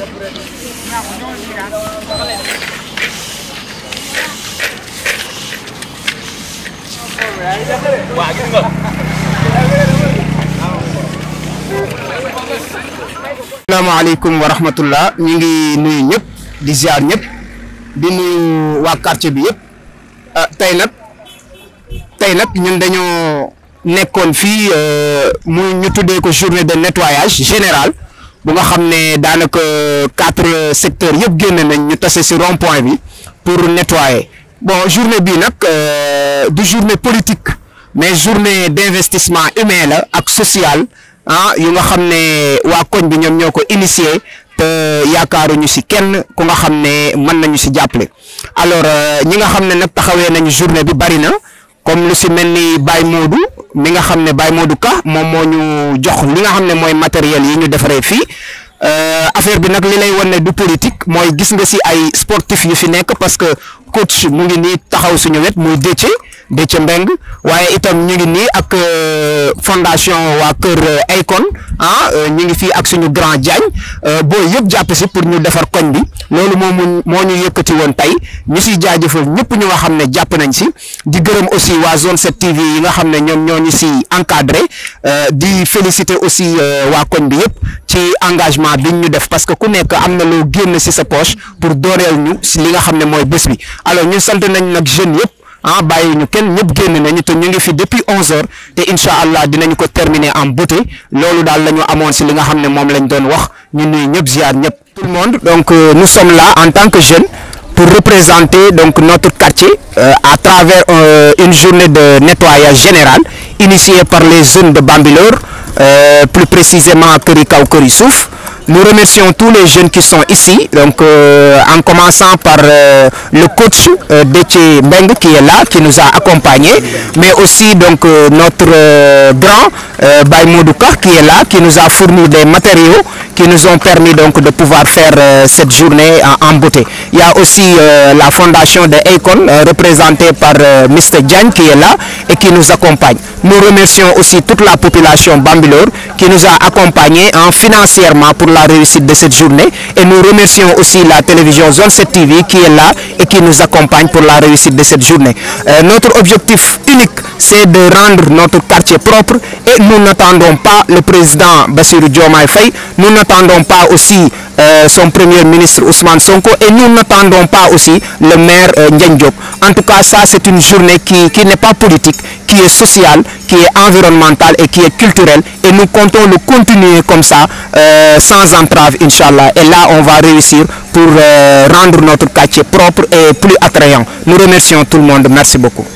waa gis nga. ñu ngi nuyu ñëpp di ziar ñëpp di nuyu waa quartier bi yëpp ah, tey nag tey nag ñun dañoo nekkoon fii euh, mu ñu tuddee ko journée de nettoyage général. bu nga xam ne daanaka quatre secteurs yëpp génn nañ ñu tase si rond point bi pour nettoyer bon journée bii euh, du journée politique mais journée d'investissement humain la ak social ah yu nga xam ne koñ bi ñoom ko initier te yaakaaruñu si kenn ku nga xamné ne mën nañu ci jàppale alors euh, ñi nga xamné nak taxawé nañu journée bi bari na comme lu ci melni Baye Modou ni nga xam ne Baye Modou Ka moom moo ñu jox li nga xam ne mooy matériel yi ñu defaree fii euh, affaire bi nag li lay wan ne du politique mooy gis nga si ay sportif yu fi nekk parce que coach mu ngi nii taxaw suñu wet muy Déthié Déthié Mbengue waaye itam ñu ngi nii ak euh, fondation waa kër euh, Akon ah euh, ñu ngi fii ak suñu grand Diagne boo yëpp jàpp si pour ñu defar koñ bi loolu moom moo ñu yëkkati woon tey ñu siy jaajëfal ñëpp ñu nga xam ne jàpp nañ si di gërëm aussi waa zone 7 yi nga xam ne ñoom ñoo ñu si encadré di féliciter aussi waa koñ bi yëpp ci engagement bi ñu def parce que ku nekk am na loo génn si sa poche pour dooleel ñu si li nga xam ne mooy bés bi alors ñun sant nañ nag jeunes yëpp. ah bàyyi ñu kenn ñep génn nañu te ñu ngi fi depuis onze heures te inshallah dinañ ko terminer en beauté lolu dal lañu amone ci li nga xam mom lañ doon wax ñu nuyu ñep ziar ñep tout le monde donc euh, nous sommes là en tant que jeunes pour représenter donc notre quartier euh, à travers euh, une journée de nettoyage général initiée par les jeunes de Bambilor plus précisément à Kaw Kourissouf. Nous remercions tous les jeunes qui sont ici, donc euh, en commençant par euh, le coach euh, Deche qui est là, qui nous a accompagnés, mais aussi donc euh, notre grand Baïmoudouka qui est là, qui nous a fourni des matériaux qui nous ont permis donc de pouvoir faire euh, cette journée en, beauté. Il y a aussi euh, la fondation de Econ euh, représentée par Mr. Djang qui est là et qui nous accompagne. Nous remercions aussi toute la population Bambilor qui nous a accompagnés financièrement pour la réussite de cette journée et nous remercions aussi la télévision Zone 7 TV qui est là et qui nous accompagne pour la réussite de cette journée. notre objectif unique c'est de rendre notre quartier propre et nous n'attendons pas le président Bassirou Diomaye Faye, nous n'attendons pas aussi euh, son premier ministre Ousmane Sonko et nous n'attendons pas aussi le maire euh, En tout cas, ça c'est une journée qui, n'est pas politique, qui est sociale, qui est environnementale et qui est culturelle. Et nous comptons le continuer comme ça, euh, sans entrave, Inch'Allah. Et là, on va réussir pour euh, rendre notre quartier propre et plus attrayant. Nous remercions tout le monde. Merci beaucoup.